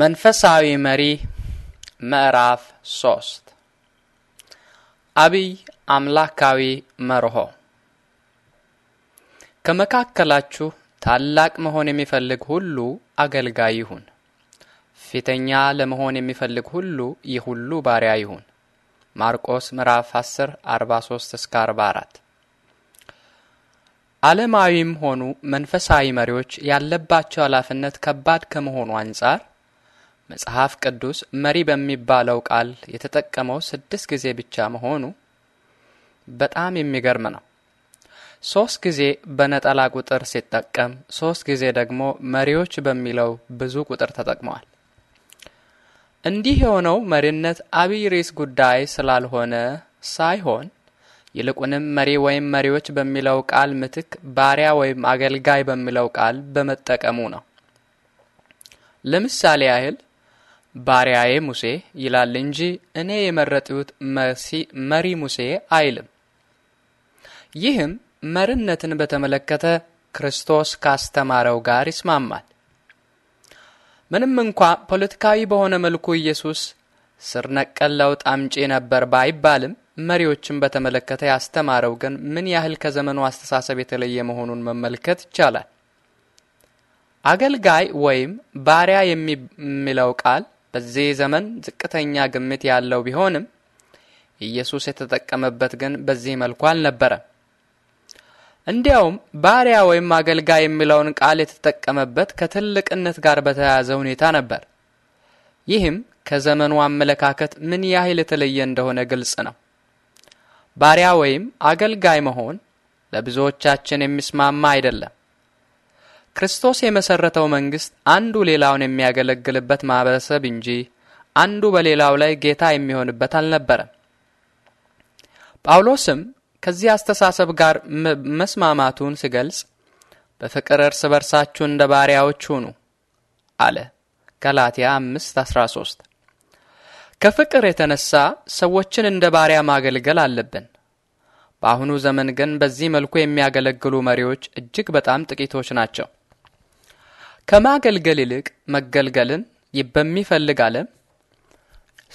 መንፈሳዊ መሪ ምዕራፍ ሶስት አብይ አምላካዊ መርሆ ከመካከላችሁ ታላቅ መሆን የሚፈልግ ሁሉ አገልጋይ ይሁን። ፊተኛ ለመሆን የሚፈልግ ሁሉ የሁሉ ባሪያ ይሁን። ማርቆስ ምዕራፍ 10 43 እስከ 44 ዓለማዊም ሆኑ መንፈሳዊ መሪዎች ያለባቸው ኃላፊነት ከባድ ከመሆኑ አንጻር መጽሐፍ ቅዱስ መሪ በሚባለው ቃል የተጠቀመው ስድስት ጊዜ ብቻ መሆኑ በጣም የሚገርም ነው። ሶስት ጊዜ በነጠላ ቁጥር ሲጠቀም፣ ሶስት ጊዜ ደግሞ መሪዎች በሚለው ብዙ ቁጥር ተጠቅመዋል። እንዲህ የሆነው መሪነት አብይ ርዕስ ጉዳይ ስላልሆነ ሳይሆን ይልቁንም መሪ ወይም መሪዎች በሚለው ቃል ምትክ ባሪያ ወይም አገልጋይ በሚለው ቃል በመጠቀሙ ነው። ለምሳሌ ያህል ባሪያዬ ሙሴ ይላል እንጂ እኔ የመረጥሁት መሪ ሙሴ አይልም። ይህም መሪነትን በተመለከተ ክርስቶስ ካስተማረው ጋር ይስማማል። ምንም እንኳ ፖለቲካዊ በሆነ መልኩ ኢየሱስ ስር ነቀል ለውጥ አምጪ ነበር ባይባልም መሪዎችን በተመለከተ ያስተማረው ግን ምን ያህል ከዘመኑ አስተሳሰብ የተለየ መሆኑን መመልከት ይቻላል። አገልጋይ ወይም ባሪያ የሚለው ቃል በዚህ ዘመን ዝቅተኛ ግምት ያለው ቢሆንም ኢየሱስ የተጠቀመበት ግን በዚህ መልኩ አልነበረም። እንዲያውም ባሪያ ወይም አገልጋይ የሚለውን ቃል የተጠቀመበት ከትልቅነት ጋር በተያያዘ ሁኔታ ነበር። ይህም ከዘመኑ አመለካከት ምን ያህል የተለየ እንደሆነ ግልጽ ነው። ባሪያ ወይም አገልጋይ መሆን ለብዙዎቻችን የሚስማማ አይደለም። ክርስቶስ የመሰረተው መንግስት አንዱ ሌላውን የሚያገለግልበት ማህበረሰብ እንጂ አንዱ በሌላው ላይ ጌታ የሚሆንበት አልነበረም። ጳውሎስም ከዚህ አስተሳሰብ ጋር መስማማቱን ሲገልጽ በፍቅር እርስ በርሳችሁ እንደ ባሪያዎች ሁኑ አለ። ገላትያ 5:13 ከፍቅር የተነሳ ሰዎችን እንደ ባሪያ ማገልገል አለብን። በአሁኑ ዘመን ግን በዚህ መልኩ የሚያገለግሉ መሪዎች እጅግ በጣም ጥቂቶች ናቸው። ከማገልገል ይልቅ መገልገልን በሚፈልግ ዓለም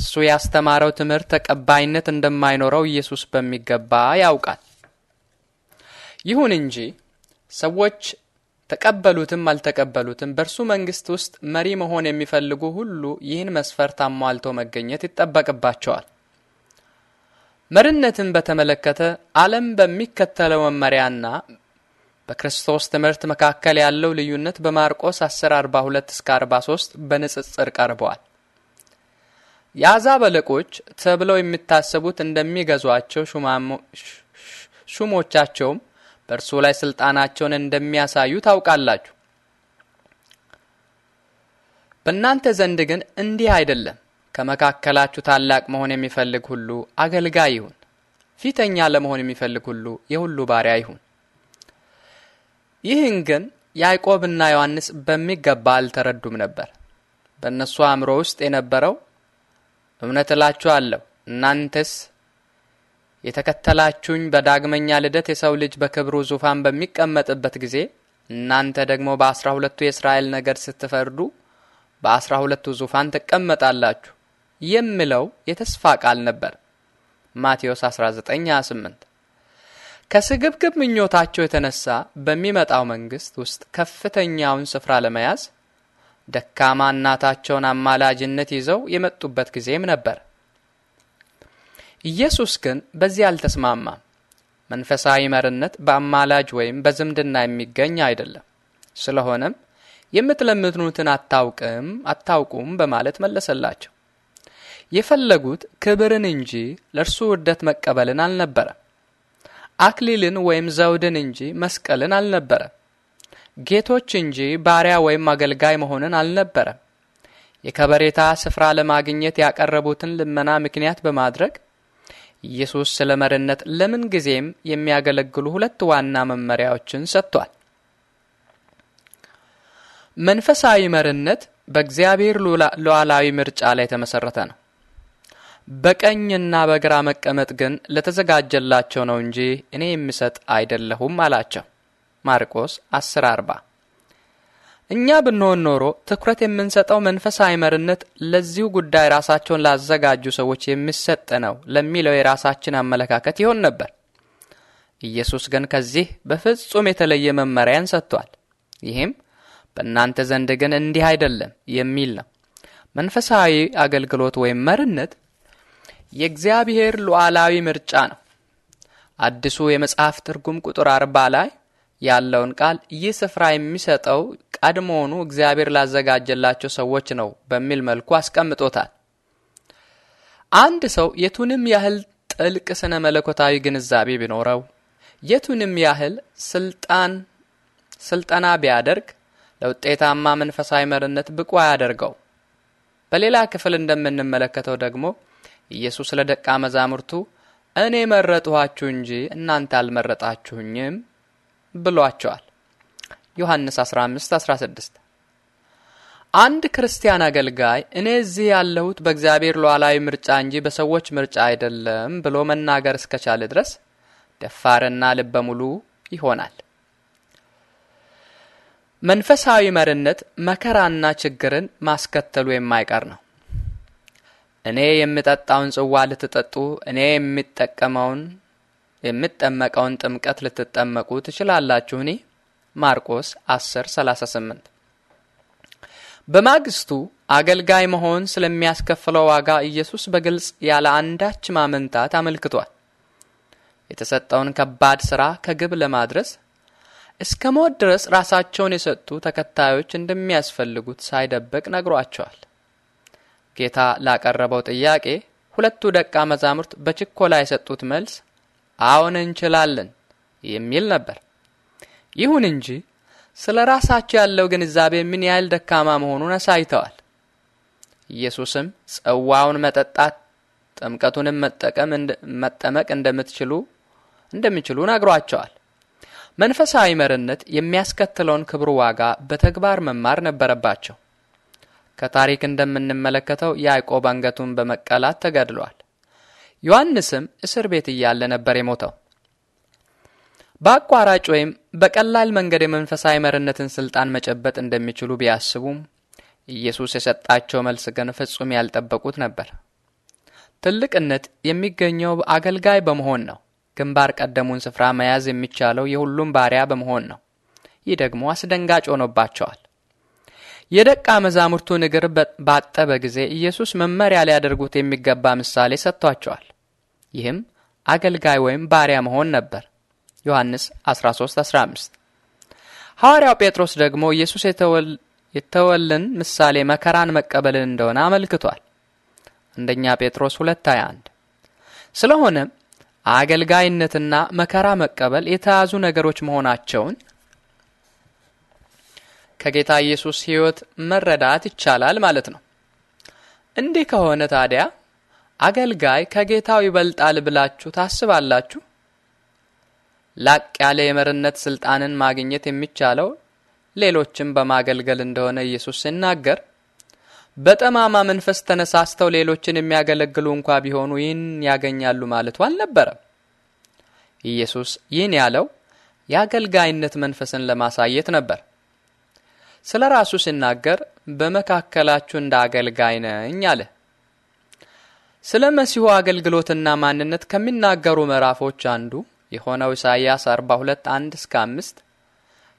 እሱ ያስተማረው ትምህርት ተቀባይነት እንደማይኖረው ኢየሱስ በሚገባ ያውቃል። ይሁን እንጂ ሰዎች ተቀበሉትም አልተቀበሉትም በእርሱ መንግስት ውስጥ መሪ መሆን የሚፈልጉ ሁሉ ይህን መስፈርት አሟልቶ መገኘት ይጠበቅባቸዋል። መሪነትን በተመለከተ ዓለም በሚከተለው መመሪያና በክርስቶስ ትምህርት መካከል ያለው ልዩነት በማርቆስ 1042 እስከ 43 በንጽጽር ቀርበዋል። የአሕዛብ አለቆች ተብለው የሚታሰቡት እንደሚገዟቸው ሹሞቻቸውም በእርሱ ላይ ስልጣናቸውን እንደሚያሳዩ ታውቃላችሁ። በእናንተ ዘንድ ግን እንዲህ አይደለም። ከመካከላችሁ ታላቅ መሆን የሚፈልግ ሁሉ አገልጋይ ይሁን፣ ፊተኛ ለመሆን የሚፈልግ ሁሉ የሁሉ ባሪያ ይሁን። ይህን ግን ያዕቆብና ዮሐንስ በሚገባ አልተረዱም ነበር። በእነሱ አእምሮ ውስጥ የነበረው እውነት እላችኋለሁ እናንተስ የተከተላችሁኝ በዳግመኛ ልደት የሰው ልጅ በክብሩ ዙፋን በሚቀመጥበት ጊዜ እናንተ ደግሞ በአስራ ሁለቱ የእስራኤል ነገድ ስትፈርዱ በአስራ ሁለቱ ዙፋን ትቀመጣላችሁ የሚለው የተስፋ ቃል ነበር። ማቴዎስ 19 28 ከስግብግብ ምኞታቸው የተነሳ በሚመጣው መንግስት ውስጥ ከፍተኛውን ስፍራ ለመያዝ ደካማ እናታቸውን አማላጅነት ይዘው የመጡበት ጊዜም ነበር። ኢየሱስ ግን በዚህ አልተስማማም። መንፈሳዊ መርነት በአማላጅ ወይም በዝምድና የሚገኝ አይደለም። ስለሆነም የምትለምኑትን አታውቅም አታውቁም በማለት መለሰላቸው። የፈለጉት ክብርን እንጂ ለእርሱ ውርደት መቀበልን አልነበረም። አክሊልን ወይም ዘውድን እንጂ መስቀልን አልነበረም። ጌቶች እንጂ ባሪያ ወይም አገልጋይ መሆንን አልነበረም። የከበሬታ ስፍራ ለማግኘት ያቀረቡትን ልመና ምክንያት በማድረግ ኢየሱስ ስለ መርነት ለምን ጊዜም የሚያገለግሉ ሁለት ዋና መመሪያዎችን ሰጥቷል። መንፈሳዊ መርነት በእግዚአብሔር ሉዓላዊ ምርጫ ላይ የተመሰረተ ነው። በቀኝና በግራ መቀመጥ ግን ለተዘጋጀላቸው ነው እንጂ እኔ የምሰጥ አይደለሁም አላቸው። ማርቆስ 1 እኛ ብንሆን ኖሮ ትኩረት የምንሰጠው መንፈሳዊ መርነት ለዚሁ ጉዳይ ራሳቸውን ላዘጋጁ ሰዎች የሚሰጥ ነው ለሚለው የራሳችን አመለካከት ይሆን ነበር። ኢየሱስ ግን ከዚህ በፍጹም የተለየ መመሪያን ሰጥቷል። ይህም በእናንተ ዘንድ ግን እንዲህ አይደለም የሚል ነው። መንፈሳዊ አገልግሎት ወይም መርነት የእግዚአብሔር ሉዓላዊ ምርጫ ነው። አዲሱ የመጽሐፍ ትርጉም ቁጥር አርባ ላይ ያለውን ቃል ይህ ስፍራ የሚሰጠው ቀድሞውኑ እግዚአብሔር ላዘጋጀላቸው ሰዎች ነው በሚል መልኩ አስቀምጦታል። አንድ ሰው የቱንም ያህል ጥልቅ ስነ መለኮታዊ ግንዛቤ ቢኖረው፣ የቱንም ያህል ስልጣን ስልጠና ቢያደርግ ለውጤታማ መንፈሳዊ መሪነት ብቁ አያደርገው። በሌላ ክፍል እንደምንመለከተው ደግሞ ኢየሱስ ለደቀ መዛሙርቱ እኔ መረጥኋችሁ እንጂ እናንተ አልመረጣችሁኝም ብሏቸዋል። ዮሐንስ 15 16 አንድ ክርስቲያን አገልጋይ እኔ እዚህ ያለሁት በእግዚአብሔር ሉዓላዊ ምርጫ እንጂ በሰዎች ምርጫ አይደለም ብሎ መናገር እስከቻለ ድረስ ደፋርና ልበ ሙሉ ይሆናል። መንፈሳዊ መርነት መከራና ችግርን ማስከተሉ የማይቀር ነው። እኔ የምጠጣውን ጽዋ ልትጠጡ፣ እኔ የሚጠቀመውን የምጠመቀውን ጥምቀት ልትጠመቁ ትችላላችሁኒ? ማርቆስ 10 38 በማግስቱ አገልጋይ መሆን ስለሚያስከፍለው ዋጋ ኢየሱስ በግልጽ ያለ አንዳች ማመንታት አመልክቷል። የተሰጠውን ከባድ ሥራ ከግብ ለማድረስ እስከ ሞት ድረስ ራሳቸውን የሰጡ ተከታዮች እንደሚያስፈልጉት ሳይደበቅ ነግሯቸዋል። ጌታ ላቀረበው ጥያቄ ሁለቱ ደቀ መዛሙርት በችኮላ የሰጡት መልስ አዎን እንችላለን የሚል ነበር። ይሁን እንጂ ስለ ራሳቸው ያለው ግንዛቤ ምን ያህል ደካማ መሆኑን አሳይተዋል። ኢየሱስም ጽዋውን መጠጣት ጥምቀቱንም መጠቀም መጠመቅ እንደምትችሉ እንደሚችሉ ነግሯቸዋል። መንፈሳዊ መርነት የሚያስከትለውን ክብሩ ዋጋ በተግባር መማር ነበረባቸው። ከታሪክ እንደምንመለከተው ያዕቆብ አንገቱን በመቀላት ተገድሏል። ዮሐንስም እስር ቤት እያለ ነበር የሞተው። በአቋራጭ ወይም በቀላል መንገድ የመንፈሳዊ መርነትን ስልጣን መጨበጥ እንደሚችሉ ቢያስቡም ኢየሱስ የሰጣቸው መልስ ግን ፍጹም ያልጠበቁት ነበር። ትልቅነት የሚገኘው አገልጋይ በመሆን ነው። ግንባር ቀደሙን ስፍራ መያዝ የሚቻለው የሁሉም ባሪያ በመሆን ነው። ይህ ደግሞ አስደንጋጭ ሆኖባቸዋል። የደቀ መዛሙርቱ እግር ባጠበ ጊዜ ኢየሱስ መመሪያ ሊያደርጉት የሚገባ ምሳሌ ሰጥቷቸዋል። ይህም አገልጋይ ወይም ባሪያ መሆን ነበር። ዮሐንስ 13:15 ሐዋርያው ጴጥሮስ ደግሞ ኢየሱስ የተወልን ምሳሌ መከራን መቀበልን እንደሆነ አመልክቷል። አንደኛ ጴጥሮስ 2:21 ስለሆነም አገልጋይነትና መከራ መቀበል የተያዙ ነገሮች መሆናቸውን ከጌታ ኢየሱስ ሕይወት መረዳት ይቻላል ማለት ነው። እንዲህ ከሆነ ታዲያ አገልጋይ ከጌታው ይበልጣል ብላችሁ ታስባላችሁ? ላቅ ያለ የመርነት ስልጣንን ማግኘት የሚቻለው ሌሎችን በማገልገል እንደሆነ ኢየሱስ ሲናገር፣ በጠማማ መንፈስ ተነሳስተው ሌሎችን የሚያገለግሉ እንኳ ቢሆኑ ይህን ያገኛሉ ማለቱ አልነበረም። ኢየሱስ ይህን ያለው የአገልጋይነት መንፈስን ለማሳየት ነበር። ስለ ራሱ ሲናገር በመካከላችሁ እንደ አገልጋይ ነኝ አለ። ስለ መሲሁ አገልግሎትና ማንነት ከሚናገሩ ምዕራፎች አንዱ የሆነው ኢሳይያስ 42 1 እስከ 5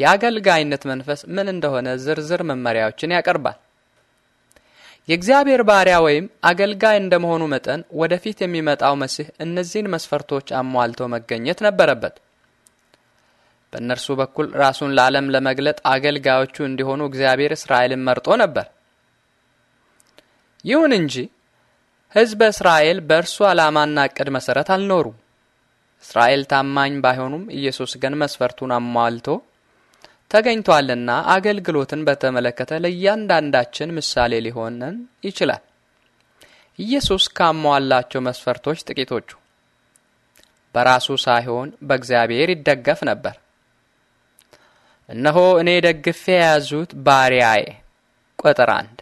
የአገልጋይነት መንፈስ ምን እንደሆነ ዝርዝር መመሪያዎችን ያቀርባል። የእግዚአብሔር ባሪያ ወይም አገልጋይ እንደመሆኑ መጠን ወደፊት የሚመጣው መሲህ እነዚህን መስፈርቶች አሟልቶ መገኘት ነበረበት። በእነርሱ በኩል ራሱን ለዓለም ለመግለጥ አገልጋዮቹ እንዲሆኑ እግዚአብሔር እስራኤልን መርጦ ነበር። ይሁን እንጂ ሕዝበ እስራኤል በእርሱ ዓላማና እቅድ መሠረት አልኖሩም። እስራኤል ታማኝ ባይሆኑም ኢየሱስ ግን መስፈርቱን አሟልቶ ተገኝቷልና አገልግሎትን በተመለከተ ለእያንዳንዳችን ምሳሌ ሊሆንን ይችላል። ኢየሱስ ካሟላቸው መስፈርቶች ጥቂቶቹ በራሱ ሳይሆን በእግዚአብሔር ይደገፍ ነበር። እነሆ እኔ ደግፌ የያዙት ባሪያዬ ቁጥር አንድ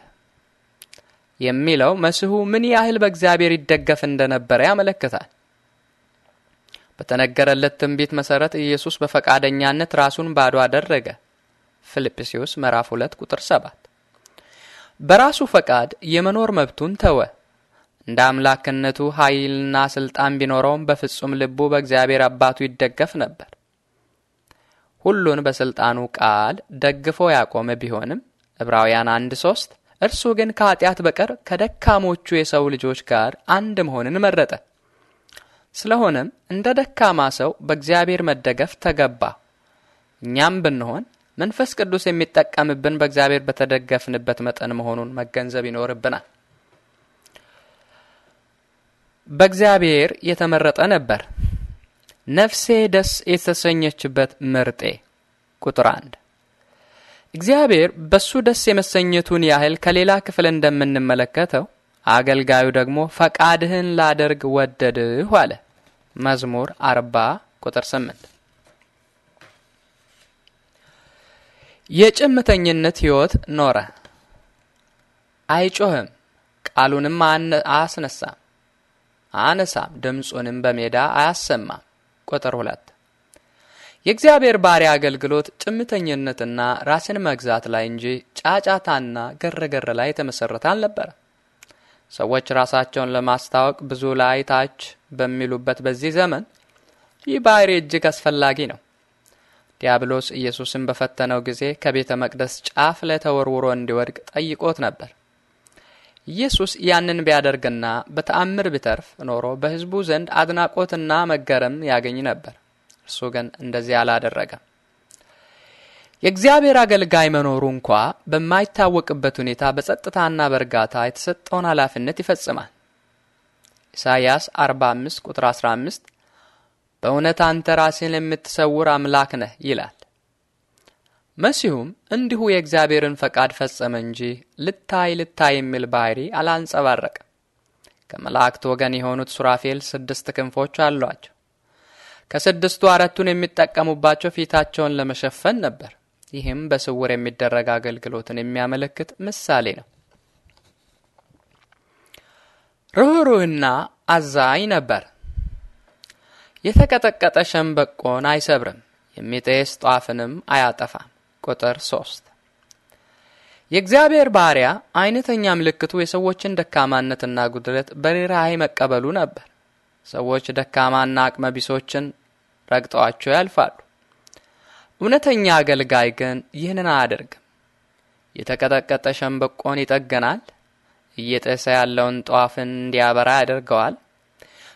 የሚለው መስሁ ምን ያህል በእግዚአብሔር ይደገፍ እንደነበረ ያመለክታል። በተነገረለት ትንቢት መሰረት ኢየሱስ በፈቃደኛነት ራሱን ባዶ አደረገ። ፊልጵስዩስ ምዕራፍ 2 ቁጥር 7 በራሱ ፈቃድ የመኖር መብቱን ተወ። እንደ አምላክነቱ ኃይልና ስልጣን ቢኖረውም በፍጹም ልቡ በእግዚአብሔር አባቱ ይደገፍ ነበር። ሁሉን በሥልጣኑ ቃል ደግፎ ያቆመ ቢሆንም ዕብራውያን አንድ ሶስት እርሱ ግን ከኃጢአት በቀር ከደካሞቹ የሰው ልጆች ጋር አንድ መሆንን መረጠ። ስለሆነም እንደ ደካማ ሰው በእግዚአብሔር መደገፍ ተገባ። እኛም ብንሆን መንፈስ ቅዱስ የሚጠቀምብን በእግዚአብሔር በተደገፍንበት መጠን መሆኑን መገንዘብ ይኖርብናል። በእግዚአብሔር የተመረጠ ነበር። ነፍሴ ደስ የተሰኘችበት ምርጤ ቁጥር አንድ እግዚአብሔር በሱ ደስ የመሰኘቱን ያህል ከሌላ ክፍል እንደምንመለከተው አገልጋዩ ደግሞ ፈቃድህን ላደርግ ወደድሁ አለ። መዝሙር አርባ ቁጥር ስምንት የጭምተኝነት ሕይወት ኖረ። አይጮህም፣ ቃሉንም አያስነሳም አነሳም ድምፁንም በሜዳ አያሰማም። ቁጥር 2 የእግዚአብሔር ባሪያ አገልግሎት ጭምተኝነትና ራስን መግዛት ላይ እንጂ ጫጫታና ግርግር ላይ የተመሰረተ አልነበረ። ሰዎች ራሳቸውን ለማስታወቅ ብዙ ላይ ታች በሚሉበት በዚህ ዘመን ይህ ባህሪ እጅግ አስፈላጊ ነው። ዲያብሎስ ኢየሱስን በፈተነው ጊዜ ከቤተ መቅደስ ጫፍ ላይ ተወርውሮ እንዲወድቅ ጠይቆት ነበር። ኢየሱስ ያንን ቢያደርግና በተአምር ቢተርፍ ኖሮ በሕዝቡ ዘንድ አድናቆትና መገረም ያገኝ ነበር። እርሱ ግን እንደዚህ አላደረገም። የእግዚአብሔር አገልጋይ መኖሩ እንኳ በማይታወቅበት ሁኔታ በጸጥታና በእርጋታ የተሰጠውን ኃላፊነት ይፈጽማል። ኢሳይያስ 45 ቁጥር 15 በእውነት አንተ ራሴን የምትሰውር አምላክ ነህ ይላል። መሲሁም እንዲሁ የእግዚአብሔርን ፈቃድ ፈጸመ እንጂ ልታይ ልታይ የሚል ባህሪ አላንጸባረቀም። ከመላእክት ወገን የሆኑት ሱራፌል ስድስት ክንፎች አሏቸው። ከስድስቱ አራቱን የሚጠቀሙባቸው ፊታቸውን ለመሸፈን ነበር። ይህም በስውር የሚደረግ አገልግሎትን የሚያመለክት ምሳሌ ነው። ርኅሩህና አዛኝ ነበር። የተቀጠቀጠ ሸንበቆን አይሰብርም፣ የሚጤስ ጧፍንም አያጠፋም። ቁጥር 3 የእግዚአብሔር ባሪያ አይነተኛ ምልክቱ የሰዎችን ደካማነትና ጉድለት በርኅራኄ መቀበሉ ነበር። ሰዎች ደካማና አቅመ ቢሶችን ረግጠዋቸው ያልፋሉ። እውነተኛ አገልጋይ ግን ይህንን አያደርግም። የተቀጠቀጠ ሸንበቆን ይጠገናል፣ እየጠሰ ያለውን ጧፍን እንዲያበራ ያደርገዋል።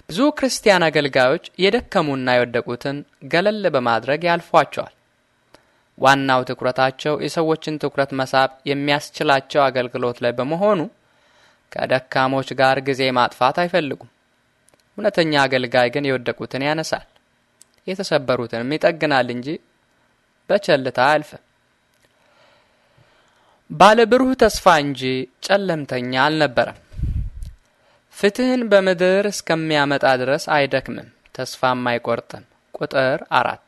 ብዙ ክርስቲያን አገልጋዮች የደከሙና የወደቁትን ገለል በማድረግ ያልፏቸዋል። ዋናው ትኩረታቸው የሰዎችን ትኩረት መሳብ የሚያስችላቸው አገልግሎት ላይ በመሆኑ ከደካሞች ጋር ጊዜ ማጥፋት አይፈልጉም። እውነተኛ አገልጋይ ግን የወደቁትን ያነሳል፣ የተሰበሩትንም ይጠግናል እንጂ በቸልታ አያልፍም። ባለ ብሩህ ተስፋ እንጂ ጨለምተኛ አልነበረም። ፍትህን በምድር እስከሚያመጣ ድረስ አይደክምም፣ ተስፋም አይቆርጥም። ቁጥር አራት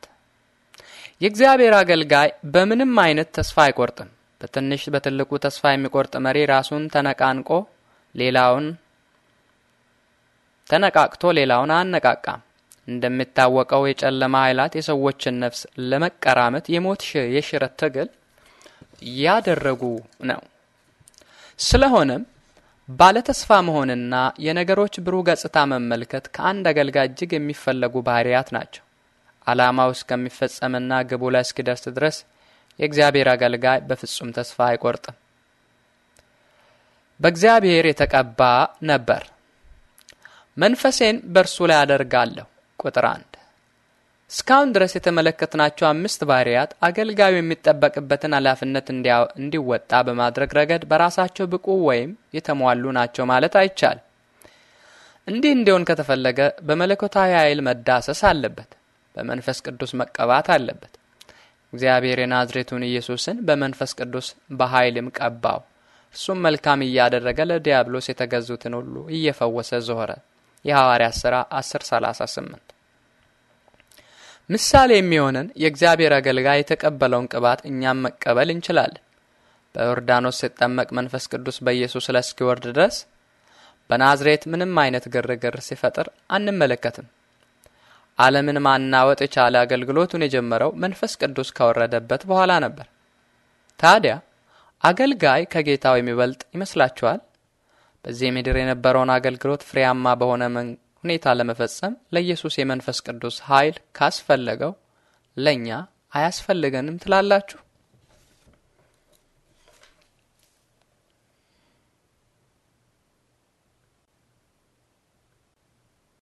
የእግዚአብሔር አገልጋይ በምንም አይነት ተስፋ አይቆርጥም። በትንሽ በትልቁ ተስፋ የሚቆርጥ መሪ ራሱን ተነቃንቆ ሌላውን ተነቃቅቶ ሌላውን አነቃቃም። እንደሚታወቀው የጨለማ ኃይላት የሰዎችን ነፍስ ለመቀራመት የሞት የሽረት ትግል ያደረጉ ነው። ስለሆነም ባለተስፋ መሆንና የነገሮች ብሩህ ገጽታ መመልከት ከአንድ አገልጋይ እጅግ የሚፈለጉ ባህሪያት ናቸው። ዓላማው እስከሚፈጸምና ግቡ ላይ እስኪደርስ ድረስ የእግዚአብሔር አገልጋይ በፍጹም ተስፋ አይቆርጥም። በእግዚአብሔር የተቀባ ነበር። መንፈሴን በእርሱ ላይ አደርጋለሁ። ቁጥር አንድ እስካሁን ድረስ የተመለከትናቸው አምስት ባህርያት አገልጋዩ የሚጠበቅበትን ኃላፊነት እንዲወጣ በማድረግ ረገድ በራሳቸው ብቁ ወይም የተሟሉ ናቸው ማለት አይቻልም። እንዲህ እንዲሆን ከተፈለገ በመለኮታዊ ኃይል መዳሰስ አለበት። በመንፈስ ቅዱስ መቀባት አለበት። እግዚአብሔር የናዝሬቱን ኢየሱስን በመንፈስ ቅዱስ በኃይልም ቀባው። እርሱም መልካም እያደረገ ለዲያብሎስ የተገዙትን ሁሉ እየፈወሰ ዞረ። የሐዋርያ ሥራ 10፥38 ምሳሌ የሚሆነን የእግዚአብሔር አገልጋይ የተቀበለውን ቅባት እኛም መቀበል እንችላለን። በዮርዳኖስ ሲጠመቅ መንፈስ ቅዱስ በኢየሱስ ላይ እስኪወርድ ድረስ በናዝሬት ምንም አይነት ግርግር ሲፈጥር አንመለከትም። ዓለምን ማናወጥ የቻለ አገልግሎቱን የጀመረው መንፈስ ቅዱስ ከወረደበት በኋላ ነበር። ታዲያ አገልጋይ ከጌታው የሚበልጥ ይመስላችኋል? በዚህ ምድር የነበረውን አገልግሎት ፍሬያማ በሆነ ሁኔታ ለመፈጸም ለኢየሱስ የመንፈስ ቅዱስ ኃይል ካስፈለገው ለእኛ አያስፈልገንም ትላላችሁ?